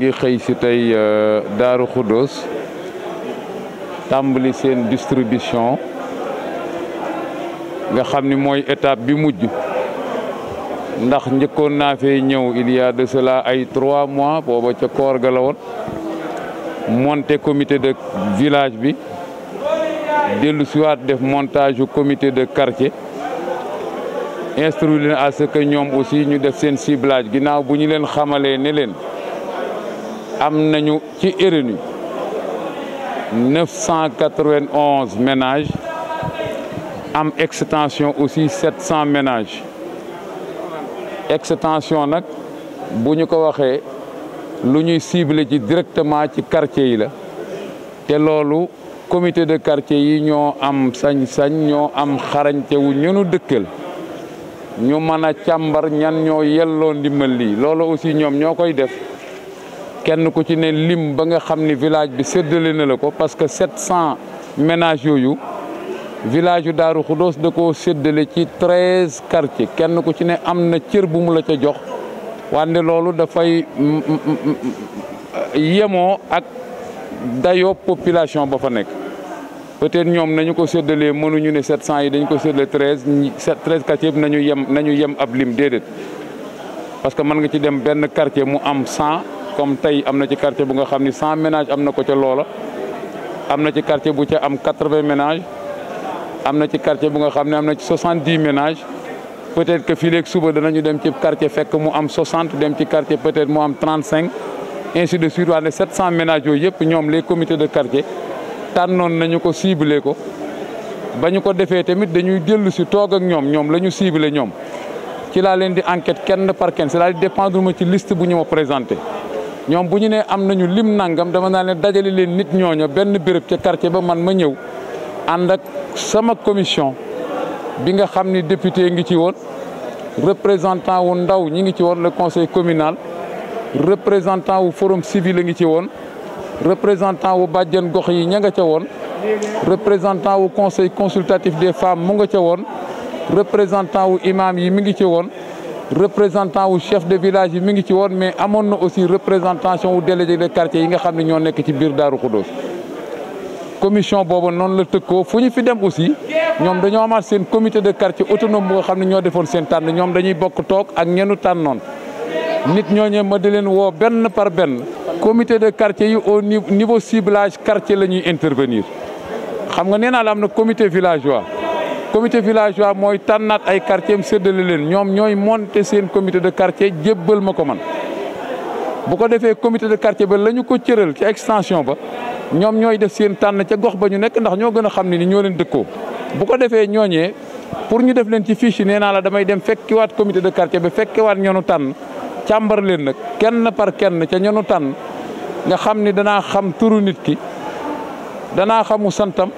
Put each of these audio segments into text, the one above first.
ngi xëy si tey euh, Daaru Xuddoos tàmbali seen distribution nga xam ni mooy étape bi mujj ndax njëkkoon naa fee ñëw il de cela ay trois mois booba ca koor ga la woon monté comité de village bi dellu siwaat def montage commité de quartier instruire leen à ce que ñoom aussi ñu def seen ciblage ginnaaw bu ñu leen xamalee ne leen am nañu ci RNU neuf cent quatre vingt am extension aussi sept cent ménages extension nag bu ñu ko waxee lu ñuy ciblé ci directement ci quartier yi la te loolu comité de quartier yi ñoo am sañ-sañ ñoo am xarañte wu ñunu dëkkal ñu mën a càmbar ñan ñoo yelloo ndimbal lii loolu aussi ñoom ñoo koy def kenn ko ci ne lim ba nga xam ni village bi séddale na la ko parce que set cent ménages yooyu village yu Daaru Xudoos da koo séddale ci 13 quartiers kenn ku ci ne am na cër bu mu la ca jox wante loolu dafay yemo ak dayoo population ba fa nekk peut-être ñoom nañu ko séddalee mënuñu ne cent yi dañ ko séddale 13 13 quartiers nañu yem nañu yem ab lim déedéet parce que mën nga ci dem benn quartier mu am 100. comme tey am na ci quartier bu nga xam ni cent ménages am na ko ca loolo am na ci quartier bu ca am quatre-vingts ménage am na ci quartier bu nga xam ne am na ci soixante-dix ménages peut-être que fii léegi suba danañu dem ci quartier fekk mu am soixante dem ci quartier peut-être mu am trente-cinq ainsi de suite waa ne sept cent ménages yooyu yëpp ñoom les comités de quartier tànnoon nañu ko ciblé ko ba ñu ko defee tamit dañuy dellu si toog ak ñoom ñoom la ñu ciblé ñoom ci laa leen di enquête kenn par kenn cest ci liste bu ñu ma ñoom bu ñu nee am nañu lim nangam dama naa ne dajale leen nit ñooña benn béréb ca quartier ba man ma ñëw ànd ak sama commission bi nga xam ni député ngi ci woon représentant wu ndaw ñi ngi ci woon le conseil communal représentant wu forum civil a ngi ci woon représentant wu bàjjan gox yi ña nga ca woon représentant wu conseil consultatif des femmes mu nga ca woon représentant wu imam yi mi ngi ci woon représentant wu chef de village yi mi ngi ci woon mais amoon na aussi représentation wu délégué de quartier yi nga xam ne ñoo nekk ci biir Daaru Xudoos commission boobu noonu la tëkkoo fu ñu fi dem aussi ñoom dañoo amaat seen comité de quartier autonome bu xam ne ñoo defoon seen tànn ñoom dañuy bokk toog ak ñenu tànnoon nit ñooñee ma di woo benn par benn commité de quartier yi au niveau ciblage quartier la ñuy intervenir xam nga nee naa la am na commité village villageois comité villageois mooy tànnaat ay quartier am séddale leen ñoom ñooy monter seen comité de quartier jébbal ma ko man bu ko defee comité de quartier ba la ñu ko cëral ci extension ba ñoom ñooy def seen tànn ca gox ba ñu nekk ndax ñoo gën a xam ni ni ñoo leen dëkkoo bu ko defee ñooñee pour ñu def leen ci fiche yi nee naa la damay dem fekkiwaat comité de quartier ba fekkiwaat ñoonu tànn càmbar leen nag kenn par kenn ca ñoonu tànn nga xam ni danaa xam turu nit ki danaa xamu santam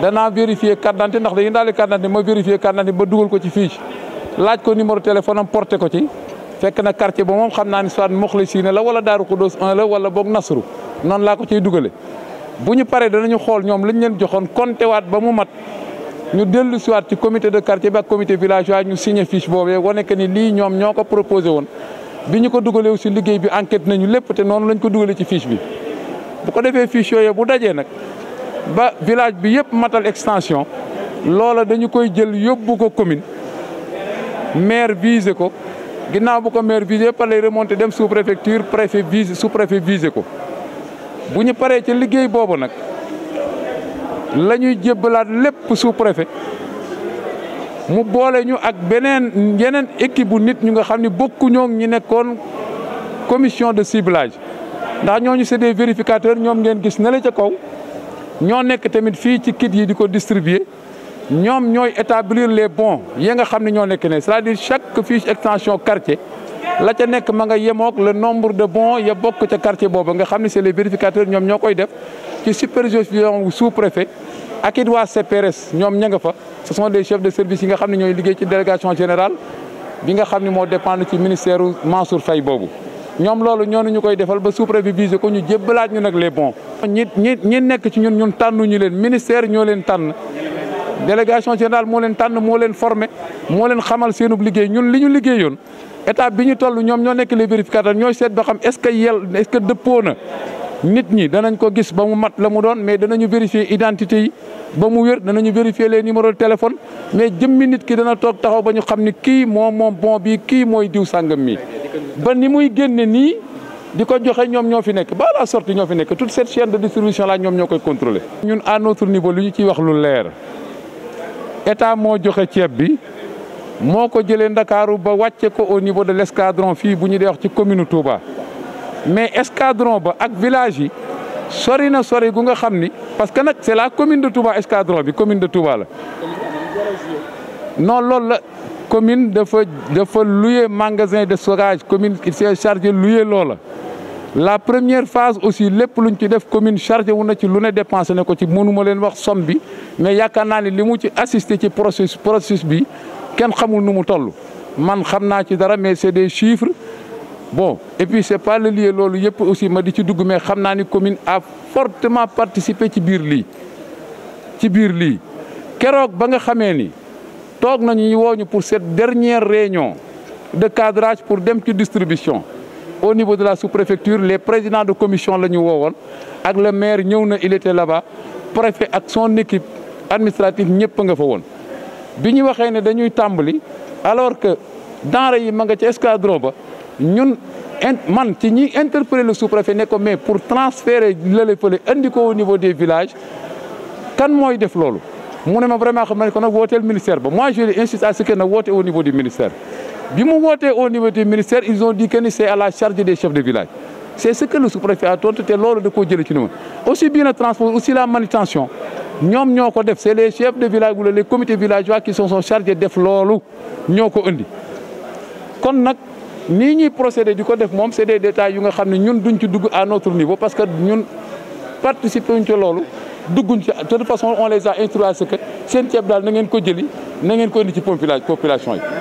danaa vérifier carte d'identité ndax dañuy daal di carte d'identité ma vérifier carte d'identité ba dugal ko ci fiche laaj ko numéro téléphone am porté ko ci fekk na quartier ba moom xam naa ni soit Mokhlisine la wala Daaru Khoudoss 1 la wala boog Nasru noonu laa ko ciy dugale bu ñu paree dana ñu xool ñoom lañ leen joxoon compté waat ba mu mat ñu dellu si ci comité de quartier bi ak comité villageois ñu signé fiche boobee wane que ni lii ñoom ñoo ko proposé woon bi ñu ko dugalee aussi liggéey bi enquête nañu lépp te noonu lañ ko dugalee ci fiche bi bu ko defee fiche yooyu bu dajee nag ba village bi yëpp matal extension loola dañu koy jël yóbbu ko commune maire visé ko ginnaaw bu ko maire visé par lay remonté dem sous préfecture préfet visé sous préfet visé ko bu ñu paree ca liggéey boobu nag la ñuy jébbalaat lépp sous préfet mu boole ñu ak beneen yeneen équipe bu nit ñu nga xam ne bokkuñoo ñu nekkoon commission de ciblage ndax ñooñu c'est des vérificateurs ñoom ngeen gis ne ca kaw. ñoo nekk tamit fii ci kit yi di ko distribuer ñoom ñooy établir les bons yi nga xam ne ñoo nekk ne c'est-à-dire chaque fiche extension quartier la ca nekk ma nga yemook la nombre de bons ya bokk ca quartier boobu nga xam ne se les vérificateurs ñoom ñoo koy def ci supervision sous-préfet ak it waa CPRS ñoom ña nga fa ce sont des chef de service yi nga xam ne ñooy liggéey ci délégation générale bi nga xam ne moo dépendre ci ministère Mansour fay boobu ñoom loolu ñoo ñu koy defal ba sous-préfet bi visé ko ñu jébbalaat ñu nag le bons. ñi ñi ñi nekk ci ñun ñun tànnuñu leen ministère ñoo leen tànn délégation générale moo leen tànn moo leen formé moo leen xamal seenub liggéey ñun li ñu liggéeyoon étape bi ñu toll ñoom ñoo nekk les vérificateurs ñooy seet ba xam est-ce que yel est-ce que dëppoo nit ñi danañ ko gis ba mu mat la mu doon mais danañu vérifier identité yi ba mu wér danañu vérifier les numéros téléphone mais jëmmi nit ki dana toog taxaw ba ñu xam ni kii moom moom bon bi kii mooy diw sàngam mi ba ni muy génne nii di ko joxe ñoom ñoo fi nekk ba la sortie ñoo fi nekk toute cette chaîne de distribution là ñoom ñoo koy contrôler ñun à notre niveau lu ñu ciy wax lu leer état moo joxe ceeb bi moo ko jëlee Ndakaaru ba wàcce ko au niveau de l'escadron fii bu ñu dee wax ci commune Touba mais escadron ba ak village yi sori na sori gu nga xam ni parce que nag c'est la commune de Touba escadron bi commune de Touba la. non loolu la commune de dafa louer magasin de forage commune il s'est chargé louer loola. la première phase aussi lépp luñ ci def commune chargé wu na ci lu ne dépensé ne ko ci mënuma leen wax somme bi mais yaakaar naa ne ci assisté ci processus processus bi kenn xamul nu mu toll man xam naa ci dara mais c'est des chiffres. bon et puis c'est pas le loolu yëpp aussi ma di ci dugg mais xam naa ni commune a fortement participé ci biir lii ci biir lii keroog ba nga xamee ni toog nañu ñu wooñu pour cette dernière réunion de cadrage pour dem ci distribution au niveau de la sous-préfecture les présidents de commission la ñu woowoon ak le maire ñëw na il était là-bas préfet ak son équipe administrative ñëpp nga fa woon bi ñu waxee ne dañuy tàmbali alors que denrée yi ma nga ca escadron ba ñun man ci ñi interpellé le sous-préfet ne ko mais pour transférer lële fële andi ko o niveau des village kan mooy def loolu mu ne ma vraiment xam ne ko nag wooteel ministère ba moi je lui insiste à ce que na woote au niveau du ministère bi mu wootee au niveau du ministère ils ont dit que ni c'est à la charge des chefs de village c'est ce que le sous-préfet a tontu te loolu da koo jëlee ci ñun aussi bien le transport aussi la manutention ñoom ñoo ko def c'est les chefs de village wala les comités villageois qui sont def loolu ñoo ko indi nii ñuy procédé di ko def moom c'est des yu nga xam ne ñun duñ ci dugg à notre niveau parce que ñun participer wuñ ci loolu dugguñ ci de toute façon on les a instruits à ce seen ceeb daal na ngeen ko jëli na ngeen ko indi ci population yi.